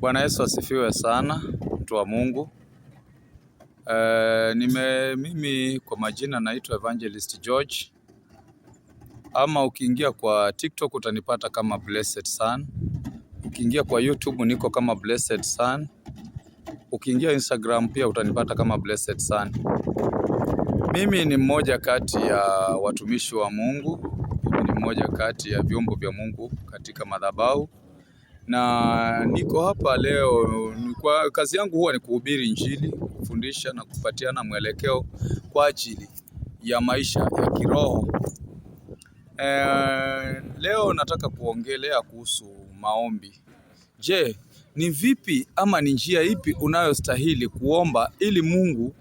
Bwana Yesu asifiwe sana, mtu wa Mungu. E, nime mimi kwa majina naitwa Evangelist George, ama ukiingia kwa TikTok utanipata kama Blessed Son. Ukiingia kwa YouTube niko kama Blessed Son. Ukiingia Instagram pia utanipata kama Blessed Son. Mimi ni mmoja kati ya watumishi wa Mungu, mimi ni mmoja kati ya vyombo vya Mungu katika madhabahu na niko hapa leo kwa kazi yangu huwa ni kuhubiri Injili, kufundisha na kupatiana mwelekeo kwa ajili ya maisha ya kiroho. E, leo nataka kuongelea kuhusu maombi. Je, ni vipi ama ni njia ipi unayostahili kuomba ili Mungu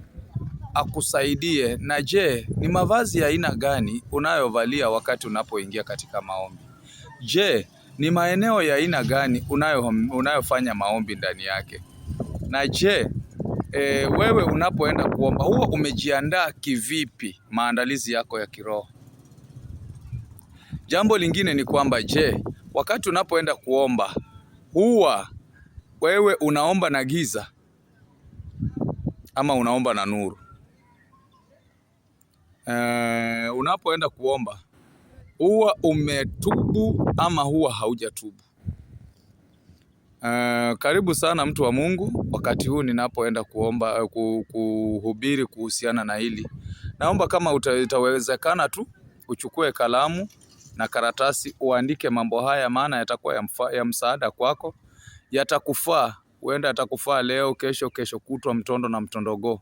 akusaidie? Na je, ni mavazi ya aina gani unayovalia wakati unapoingia katika maombi? Je, ni maeneo ya aina gani unayo unayofanya maombi ndani yake? Na je, e, wewe unapoenda kuomba huwa umejiandaa kivipi maandalizi yako ya kiroho? Jambo lingine ni kwamba je, wakati unapoenda kuomba huwa wewe unaomba na giza ama unaomba na nuru? E, unapoenda kuomba huwa umetubu ama huwa haujatubu. Uh, karibu sana mtu wa Mungu. Wakati huu ninapoenda kuomba eh, kuhubiri kuhusiana na hili, naomba kama itawezekana tu uchukue kalamu na karatasi uandike mambo haya, maana yatakuwa ya, ya msaada kwako, yatakufaa, huenda yatakufaa leo, kesho, kesho kutwa, mtondo na mtondogoo.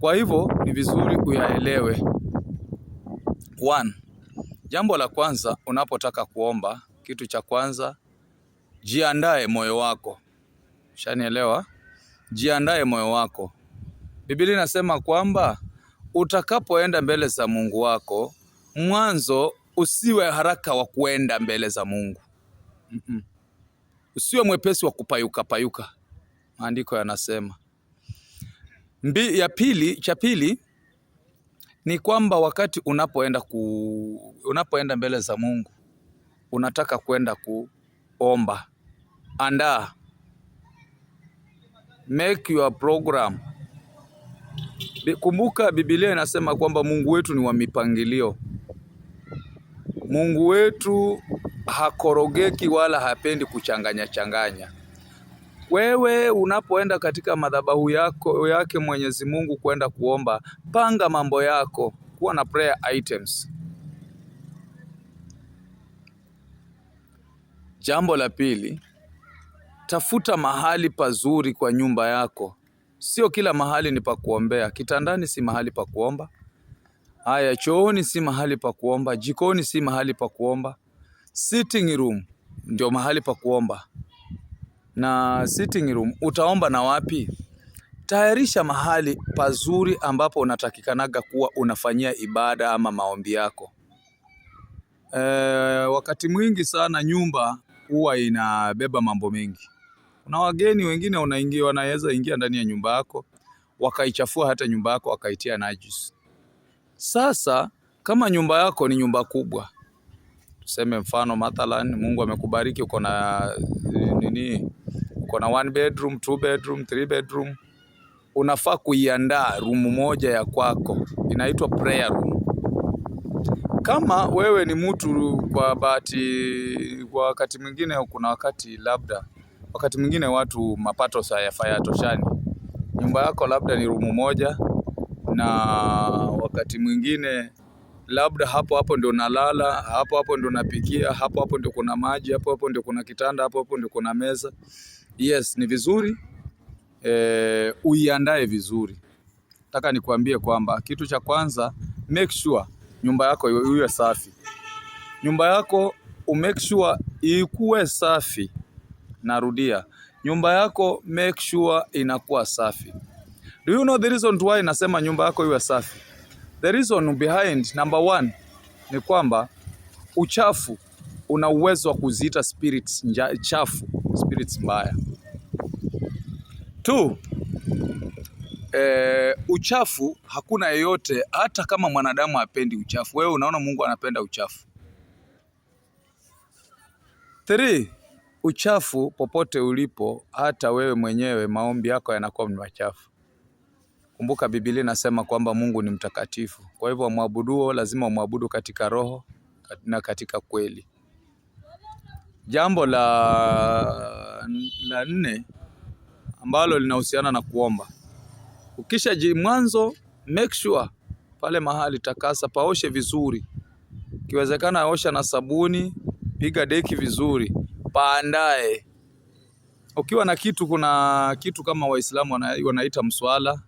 Kwa hivyo ni vizuri uyaelewe. One, Jambo la kwanza unapotaka kuomba, kitu cha kwanza jiandae moyo wako. Ushanielewa? Jiandae moyo wako. Biblia inasema kwamba utakapoenda mbele za Mungu wako, mwanzo usiwe haraka wa kuenda mbele za Mungu. Mm -mm. Usiwe mwepesi wa kupayuka payuka, maandiko yanasema. Mbi, ya pili, cha pili ni kwamba wakati unapoenda ku, unapoenda mbele za Mungu unataka kwenda kuomba, andaa, make your program. Kumbuka Biblia inasema kwamba Mungu wetu ni wa mipangilio. Mungu wetu hakorogeki wala hapendi kuchanganya changanya. Wewe unapoenda katika madhabahu yako yake Mwenyezi Mungu kwenda kuomba, panga mambo yako, kuwa na prayer items. Jambo la pili, tafuta mahali pazuri kwa nyumba yako. Sio kila mahali ni pa kuombea. Kitandani si mahali pa kuomba. Haya, chooni si mahali pa kuomba. Jikoni si mahali pa kuomba. Sitting room ndio mahali pa kuomba na sitting room utaomba na wapi? Tayarisha mahali pazuri ambapo unatakikanaga kuwa unafanyia ibada ama maombi yako. E, wakati mwingi sana nyumba huwa inabeba mambo mengi. Kuna wageni wengine unaingia, wanaweza ingia ndani ya nyumba yako wakaichafua hata nyumba yako wakaitia najis. Sasa kama nyumba yako ni nyumba kubwa, tuseme mfano mathalan, Mungu amekubariki uko na eh, nini uko na one bedroom, two bedroom, three bedroom, unafaa kuiandaa rumu moja ya kwako inaitwa prayer room. Kama wewe ni mtu kwa bahati, kwa wakati mwingine, kuna wakati labda, wakati mwingine watu mapato toshani, nyumba yako labda ni rumu moja, na wakati mwingine labda hapo hapo ndio nalala, hapo hapo ndio napikia, hapo hapo ndio kuna maji, hapo hapo ndio kuna kitanda, hapo hapo ndio kuna meza. Yes, ni vizuri e, uiandae vizuri. Nataka nikuambie kwamba kitu cha kwanza make sure nyumba yako iwe safi. Nyumba yako make sure ikuwe safi. Narudia, nyumba yako make sure inakuwa safi. Do you know the reason why nasema nyumba yako iwe safi? The reason behind number one ni kwamba uchafu una uwezo wa kuziita spirits chafu, spirits mbaya tu. E, eh, uchafu hakuna yeyote, hata kama mwanadamu apendi uchafu. Wewe unaona Mungu anapenda uchafu. Three, uchafu popote ulipo, hata wewe mwenyewe maombi yako yanakuwa ni machafu. Kumbuka Biblia inasema kwamba Mungu ni mtakatifu, kwa hivyo wamwabuduo lazima wamwabudu katika roho na katika kweli. Jambo la, la nne ambalo linahusiana na kuomba. Ukisha ji mwanzo, make sure pale mahali takasa, paoshe vizuri, ikiwezekana osha na sabuni, piga deki vizuri, paandae. Ukiwa na kitu, kuna kitu kama Waislamu wanaita mswala,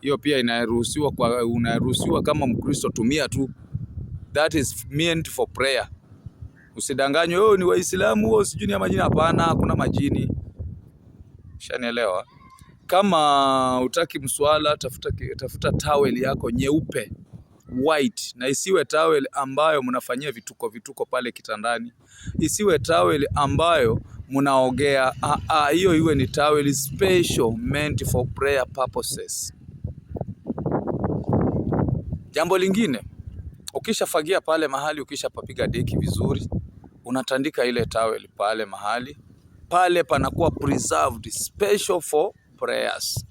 hiyo pia inaruhusiwa kwa, unaruhusiwa kama Mkristo, tumia tu, that is meant for prayer. Usidanganywe wewe ni Waislamu wewe, sijui ni majini. Hapana, kuna majini. Ushanielewa? Kama utaki mswala, tafuta, tafuta towel yako nyeupe white, na isiwe towel ambayo mnafanyia vituko vituko pale kitandani, isiwe towel ambayo mnaogea. Ah, ah, hiyo iwe ni towel special meant for prayer purposes. Jambo lingine, ukishafagia pale mahali, ukishapapiga deki vizuri unatandika ile towel pale mahali pale, panakuwa preserved special for prayers.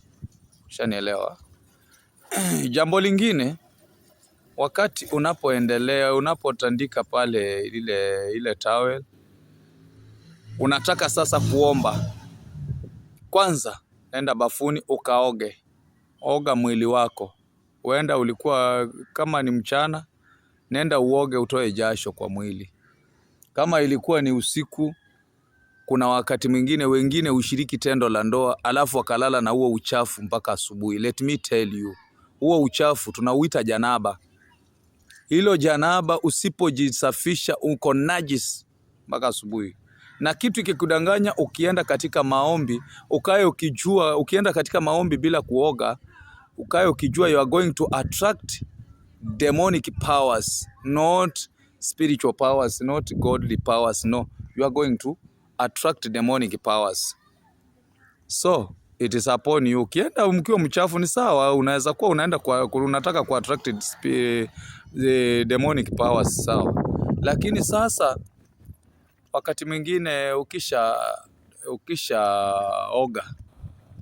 Ushanielewa? Jambo lingine wakati unapoendelea unapotandika pale ile, ile towel unataka sasa kuomba, kwanza nenda bafuni ukaoge, oga mwili wako. Huenda ulikuwa kama ni mchana, nenda uoge, utoe jasho kwa mwili. Kama ilikuwa ni usiku, kuna wakati mwingine wengine ushiriki tendo la ndoa alafu wakalala na huo uchafu mpaka asubuhi. Let me tell you, huo uchafu tunauita janaba. Hilo janaba usipojisafisha uko najis mpaka asubuhi. Na kitu kikudanganya, ukienda katika maombi ukae ukijua, ukienda katika maombi bila kuoga ukae ukijua you are going to attract demonic powers not spiritual powers, not godly powers. No, you are going to attract demonic powers. So it is upon you. Ukienda mkiwa mchafu ni sawa, unaweza kuwa unaenda kwa, unataka ku attract the eh, demonic powers sawa, lakini sasa wakati mwingine ukisha ukisha oga,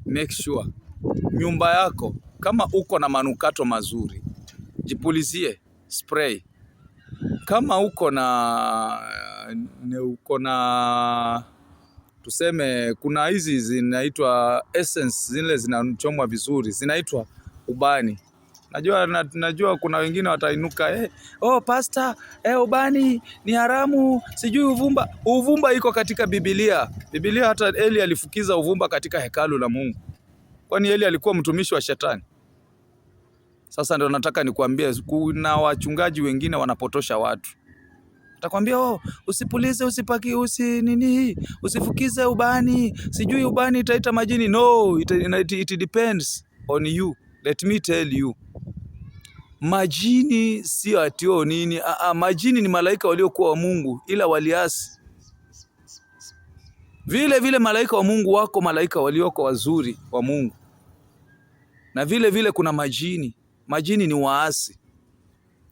make sure nyumba yako kama uko na manukato mazuri, jipulizie spray kama uko na eh, uko na tuseme, kuna hizi zinaitwa essence zile zinachomwa vizuri zinaitwa ubani. Najua na, najua kuna wengine watainuka eh, oh pasta eh, ubani ni haramu, sijui uvumba. Uvumba iko katika Biblia. Biblia hata Eli alifukiza uvumba katika hekalu la Mungu. Kwani Eli alikuwa mtumishi wa shetani? Sasa ndio nataka nikuambie, kuna wachungaji wengine wanapotosha watu. Atakwambia oh, usipulize usipaki usi nini usifukize ubani, sijui ubani itaita majini. No, it, it, it depends on you. Let me tell you, majini sio atio oh, nini. a, majini ni malaika waliokuwa wa Mungu, ila waliasi. Vile vile malaika wa Mungu wako malaika walioko wazuri wa Mungu, na vile vile kuna majini majini ni waasi.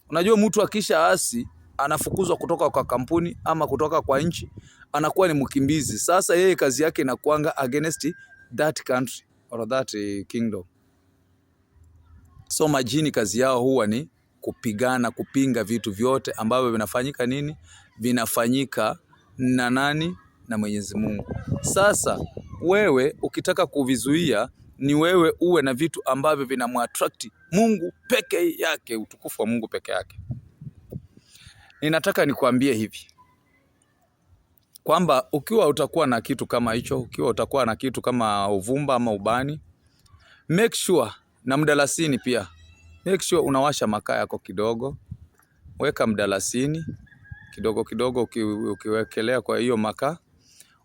Unajua mtu akisha asi anafukuzwa kutoka kwa kampuni ama kutoka kwa nchi, anakuwa ni mkimbizi. Sasa yeye kazi yake inakuanga against that country or that eh, kingdom. So majini kazi yao huwa ni kupigana, kupinga vitu vyote ambavyo vinafanyika nini, vinafanyika na nani, na Mwenyezi Mungu. Sasa wewe ukitaka kuvizuia ni wewe uwe na vitu ambavyo vinamwattract Mungu peke yake, utukufu wa Mungu peke yake. Ninataka nikuambie hivi kwamba ukiwa utakuwa na kitu kama hicho, ukiwa utakuwa na kitu kama uvumba ama ubani, make sure na mdalasini pia, make sure unawasha makaa yako kidogo, weka mdalasini kidogo kidogo, ukiwekelea kwa hiyo makaa,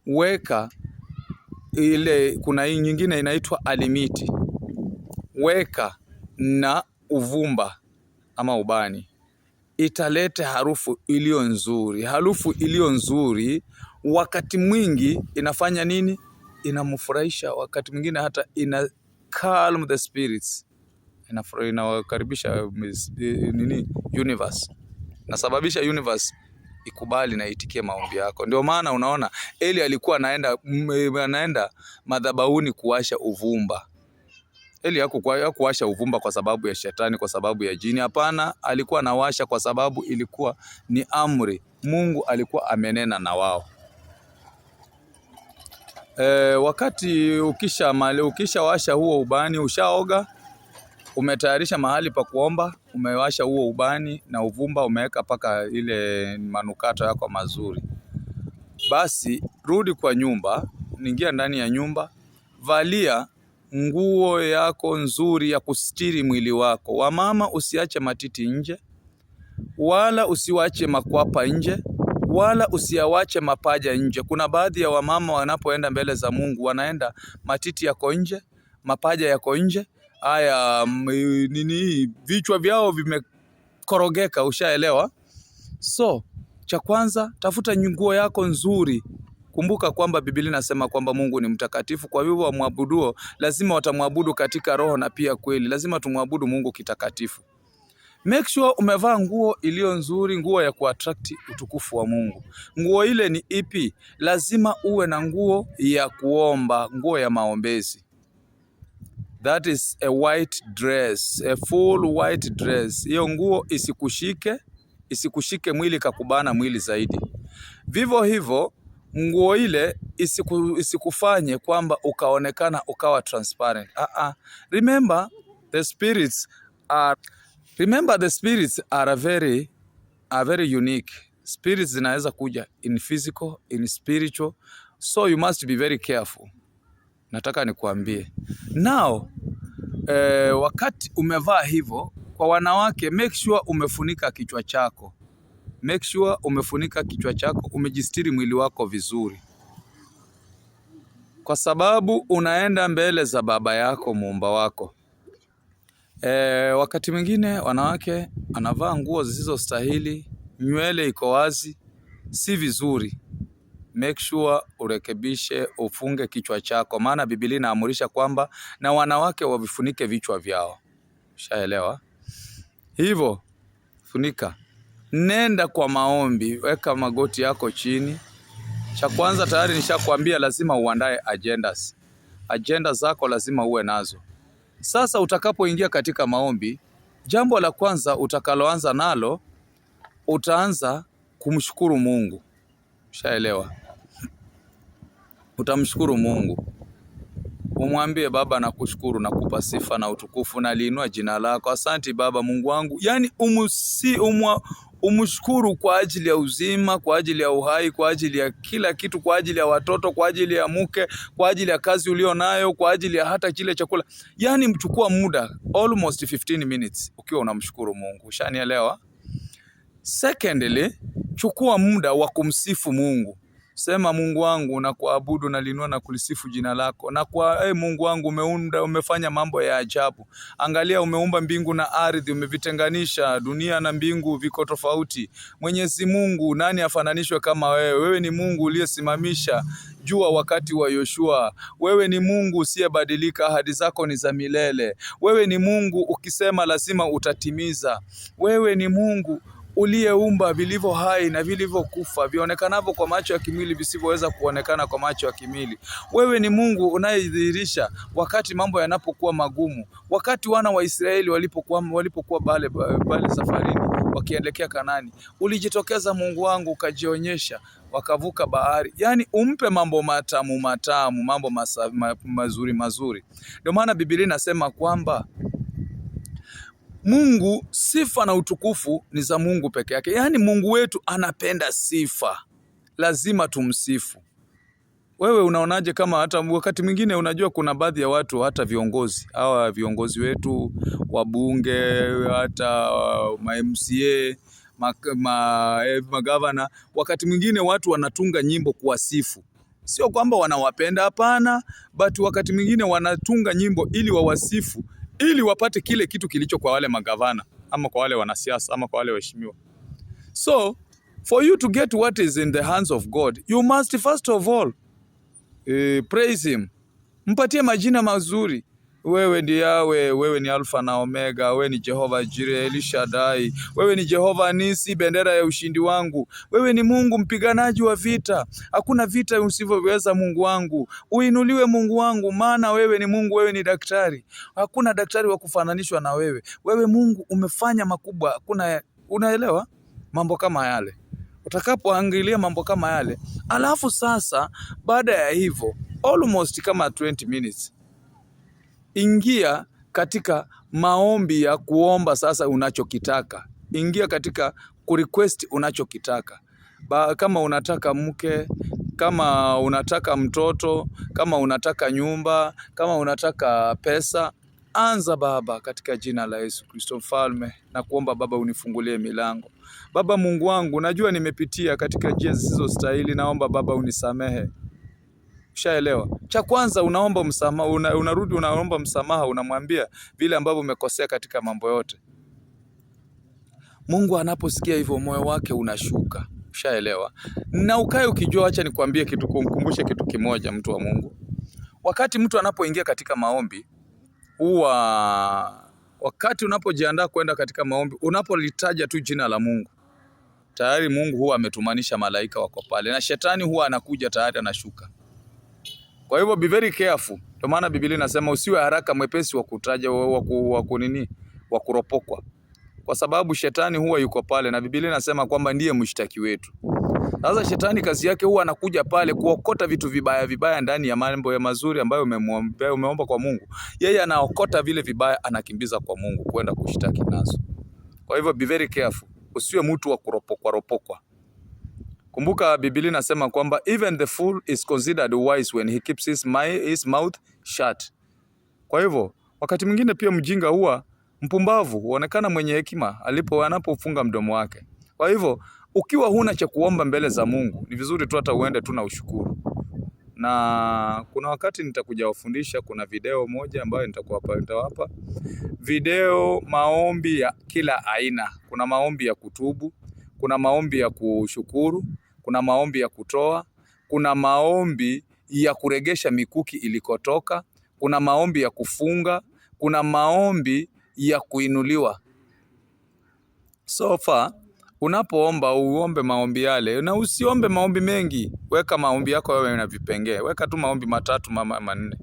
weka ile kuna hii nyingine inaitwa alimiti, weka na uvumba ama ubani, italete harufu iliyo nzuri. Harufu iliyo nzuri wakati mwingi inafanya nini? Inamfurahisha, wakati mwingine hata ina calm the spirits, inawakaribisha eh, nini, universe, nasababisha universe ikubali na itikie maombi yako. Ndio maana unaona Eli alikuwa anaenda anaenda madhabahuni kuwasha uvumba. Eli hakuwasha uvumba kwa sababu ya shetani, kwa sababu ya jini. Hapana, alikuwa anawasha kwa sababu ilikuwa ni amri. Mungu alikuwa amenena na wao. E, wakati ukisha mali ukishawasha huo ubani ushaoga umetayarisha mahali pa kuomba, umewasha huo ubani na uvumba, umeweka mpaka ile manukato yako mazuri. Basi rudi kwa nyumba, ningia ndani ya nyumba, valia nguo yako nzuri ya kustiri mwili wako. Wamama, usiache matiti nje, wala usiwache makwapa nje, wala usiawache mapaja nje. Kuna baadhi ya wamama wanapoenda mbele za Mungu wanaenda matiti yako nje, mapaja yako nje haya mm, nini, vichwa vyao vimekorogeka, ushaelewa. So cha kwanza, tafuta nguo yako nzuri. Kumbuka kwamba Biblia inasema kwamba Mungu ni mtakatifu, kwa hivyo wamwabuduo lazima watamwabudu katika roho na pia kweli. Lazima tumwabudu Mungu kitakatifu. Make sure umevaa nguo iliyo nzuri, nguo ya kuattract utukufu wa Mungu. Nguo ile ni ipi? Lazima uwe na nguo ya kuomba, nguo ya maombezi. That is a white dress, a full white dress. Hiyo nguo isikushike, isikushike mwili kakubana mwili zaidi. Vivyo hivyo nguo ile isiku, isikufanye kwamba ukaonekana ukawa transparent. Uh -uh. Remember the spirits are remember the spirits are a very a very unique. Spirits zinaweza kuja in physical, in spiritual. So you must be very careful nataka nikuambie nao e, eh, wakati umevaa hivyo kwa wanawake, make sure umefunika kichwa chako, make sure umefunika kichwa chako, umejistiri mwili wako vizuri, kwa sababu unaenda mbele za baba yako muumba wako. E, wakati mwingine wanawake anavaa nguo zisizostahili, nywele iko wazi, si vizuri make sure urekebishe, ufunge kichwa chako, maana Biblia inaamurisha kwamba na wanawake wavifunike vichwa vyao. Ushaelewa hivyo? Funika, nenda kwa maombi, weka magoti yako chini. Cha kwanza tayari nishakwambia, lazima uandae agendas. Agenda zako lazima uwe nazo. Sasa utakapoingia katika maombi, jambo la kwanza utakaloanza nalo, utaanza kumshukuru Mungu. Ushaelewa? utamshukuru Mungu umwambie Baba, nakushukuru, nakupa sifa na utukufu, naliinua jina lako, asanti Baba Mungu wangu. Yani umusi, umwa, umshukuru kwa ajili ya uzima, kwa ajili ya uhai, kwa ajili ya kila kitu, kwa ajili ya watoto, kwa ajili ya mke, kwa ajili ya kazi ulionayo, kwa ajili ya hata kile chakula. Yani mchukua muda almost 15 minutes ukiwa unamshukuru Mungu. Ushanielewa? Secondly, chukua muda wa kumsifu Mungu. Sema Mungu wangu na kuabudu na linua na kulisifu jina lako na kwa hey, Mungu wangu umeunda, umefanya mambo ya ajabu. Angalia, umeumba mbingu na ardhi, umevitenganisha dunia na mbingu, viko tofauti. Mwenyezi Mungu, nani afananishwe kama wewe? Wewe ni Mungu uliyesimamisha jua wakati wa Yoshua. Wewe ni Mungu usiyebadilika, ahadi zako ni za milele. Wewe ni Mungu ukisema lazima utatimiza. Wewe ni Mungu uliyeumba vilivyo hai na vilivyokufa vionekanavyo kwa macho ya kimwili visivyoweza kuonekana kwa macho ya kimwili. Wewe ni Mungu unayedhihirisha wakati mambo yanapokuwa magumu. Wakati wana wa Israeli walipokuwa walipokuwa pale pale safarini wakielekea Kanani, ulijitokeza Mungu wangu ukajionyesha, wakavuka bahari. Yaani umpe mambo matamu matamu, mambo masa, ma, mazuri mazuri. Ndio maana Biblia inasema kwamba Mungu, sifa na utukufu ni za Mungu peke yake. Yaani Mungu wetu anapenda sifa, lazima tumsifu. Wewe unaonaje? Kama hata wakati mwingine, unajua kuna baadhi ya watu, hata viongozi hawa viongozi wetu, wabunge, hata ma MCA, ma, ma, magavana, wakati mwingine watu wanatunga nyimbo kuwasifu Sio kwamba wanawapenda, hapana, but wakati mwingine wanatunga nyimbo ili wawasifu ili wapate kile kitu kilicho kwa wale magavana ama kwa wale wanasiasa ama kwa wale waheshimiwa. So for you to get what is in the hands of God you must first of all uh, praise him, mpatie majina mazuri wewe ndi Yawe, wewe ni Alfa na Omega, wewe ni Jehova Jire, Elishadai, wewe ni Jehova Nisi, bendera ya ushindi wangu. Wewe ni Mungu mpiganaji wa vita, hakuna vita usivyoweza. Mungu wangu uinuliwe, Mungu wangu, maana wewe ni Mungu, wewe ni daktari, hakuna daktari wa kufananishwa na wewe. Wewe Mungu umefanya makubwa, hakuna unaelewa mambo kama yale, utakapoangalia mambo kama yale. Alafu sasa baada ya hivyo almost kama 20 minutes Ingia katika maombi ya kuomba sasa unachokitaka. Ingia katika kurequest unachokitaka. Ba, kama unataka mke, kama unataka mtoto, kama unataka nyumba, kama unataka pesa, anza Baba katika jina la Yesu Kristo mfalme na kuomba Baba unifungulie milango. Baba Mungu wangu, najua nimepitia katika njia zisizostahili, naomba Baba unisamehe. Ukishaelewa cha kwanza, unaomba msamaha, una, unarudi unaomba msamaha, unamwambia vile ambavyo umekosea katika mambo yote. Mungu anaposikia hivyo, moyo wake unashuka. Ushaelewa? Na ukae ukijua, acha nikwambie kitu, kumkumbushe kitu kimoja, mtu wa Mungu. Wakati mtu anapoingia katika maombi huwa wakati unapojiandaa kwenda katika maombi, unapolitaja tu jina la Mungu tayari Mungu huwa ametumanisha malaika wako pale, na shetani huwa anakuja tayari anashuka. Kwa hivyo be very careful. Ndio maana Biblia inasema usiwe haraka mwepesi wa kutaja wa kunini wa kuropokwa, kwa sababu shetani huwa yuko pale, na Biblia inasema kwamba ndiye mshtaki wetu. Sasa shetani kazi yake huwa anakuja pale kuokota vitu vibaya vibaya ndani ya mambo ya mazuri ambayo umemwomba umeomba kwa Mungu. Yeye anaokota vile vibaya anakimbiza kwa Mungu kwenda kushtaki nazo. Kwa hivyo be very careful. Usiwe mtu wa kuropokwa ropokwa, ropokwa. Kumbuka Biblia inasema kwamba even the fool is considered wise when he keeps his, his mouth shut. Kwa hivyo wakati mwingine pia mjinga huwa mpumbavu huonekana mwenye hekima alipo anapofunga mdomo wake. Kwa hivyo ukiwa huna cha kuomba mbele za Mungu ni vizuri tu hata uende tu na ushukuru. Na kuna wakati nitakuja wafundisha, kuna video moja ambayo nitakuwapa nitawapa video maombi ya kila aina. Kuna maombi ya kutubu kuna maombi ya kushukuru, kuna maombi ya kutoa, kuna maombi ya kuregesha mikuki ilikotoka, kuna maombi ya kufunga, kuna maombi ya kuinuliwa. So far unapoomba uombe maombi yale, na usiombe maombi mengi. Weka maombi yako wewe na vipengee, weka tu maombi matatu mama manne.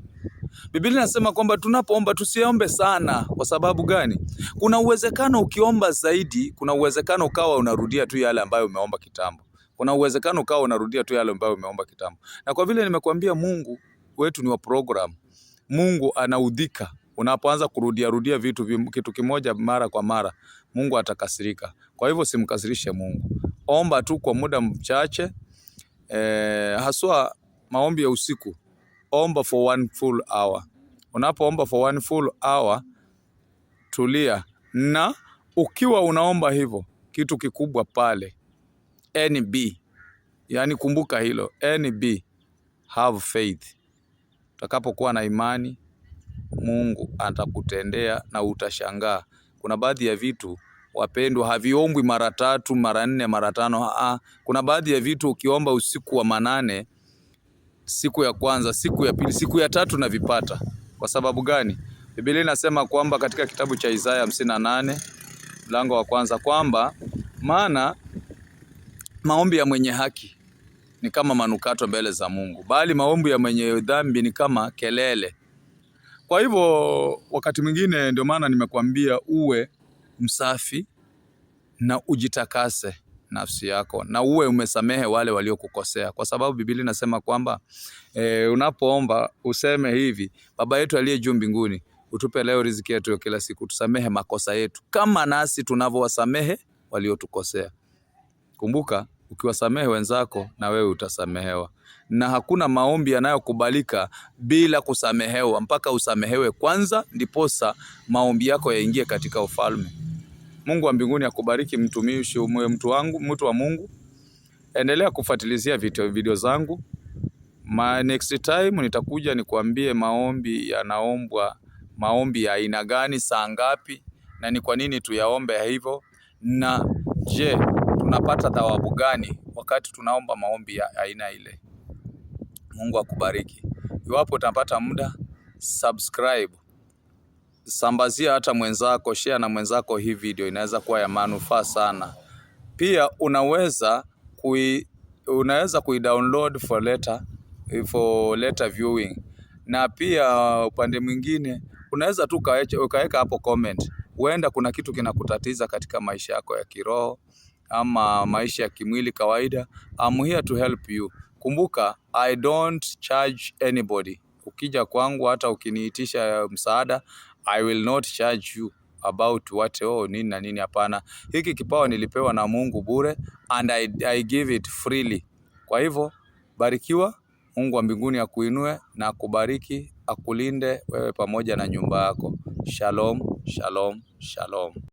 Biblia inasema kwamba tunapoomba tusiombe sana. Kwa sababu gani? Kuna uwezekano ukiomba zaidi, kuna uwezekano ukawa unarudia tu yale ambayo umeomba kitambo. Kuna uwezekano ukawa unarudia tu yale ambayo umeomba kitambo. Na kwa vile nimekuambia, Mungu wetu ni wa program. Mungu anaudhika unapoanza kurudia rudia vitu kitu kimoja mara kwa mara. Mungu atakasirika. Kwa hivyo simkasirishe Mungu, omba tu kwa muda mchache, eh, haswa maombi ya usiku omba for one full hour. Unapoomba for one full hour, tulia. Na ukiwa unaomba hivyo, kitu kikubwa pale NB, yani kumbuka hilo NB, have faith. Utakapokuwa na imani, Mungu atakutendea na utashangaa. Kuna baadhi ya vitu wapendwa, haviombwi mara tatu, mara nne, mara tano. Aa, kuna baadhi ya vitu ukiomba usiku wa manane siku ya kwanza, siku ya pili, siku ya tatu navipata. Kwa sababu gani? Biblia inasema kwamba katika kitabu cha Isaya hamsini na nane mlango wa kwanza kwamba maana maombi ya mwenye haki ni kama manukato mbele za Mungu, bali maombi ya mwenye dhambi ni kama kelele. Kwa hivyo wakati mwingine, ndio maana nimekuambia uwe msafi na ujitakase nafsi yako na uwe umesamehe wale waliokukosea, kwa sababu Biblia inasema kwamba e, unapoomba useme hivi: Baba yetu aliye juu mbinguni, utupe leo riziki yetu ya kila siku, tusamehe makosa yetu kama nasi tunavyowasamehe waliotukosea. Kumbuka, ukiwasamehe wenzako na wewe utasamehewa, na hakuna maombi yanayokubalika bila kusamehewa, mpaka usamehewe kwanza, ndiposa maombi yako yaingie katika ufalme. Mungu wa mbinguni akubariki mtumishi, mtu wangu, mtu wa Mungu. Endelea kufuatilizia video, video zangu. Ma next time nitakuja nikuambie maombi yanaombwa, maombi ya aina gani, saa ngapi, na ni kwa nini tuyaombe hivyo, na je, tunapata thawabu gani wakati tunaomba maombi ya aina ile. Mungu akubariki. Iwapo utapata muda, subscribe sambazia hata mwenzako, share na mwenzako. Hii video inaweza kuwa ya manufaa sana. Pia unaweza kui, unaweza kuidownload for later, for later viewing. Na pia upande mwingine unaweza tu ukaweka hapo comment. Huenda kuna kitu kinakutatiza katika maisha yako ya kiroho ama maisha ya kimwili kawaida. I'm here to help you. Kumbuka, I don't charge anybody. Ukija kwangu hata ukiniitisha msaada I will not charge you about what oh, nini na nini. Hapana, hiki kipawa nilipewa na Mungu bure and I, I give it freely. Kwa hivyo barikiwa, Mungu wa mbinguni akuinue na akubariki, akulinde wewe pamoja na nyumba yako. Shalom, shalom, shalom.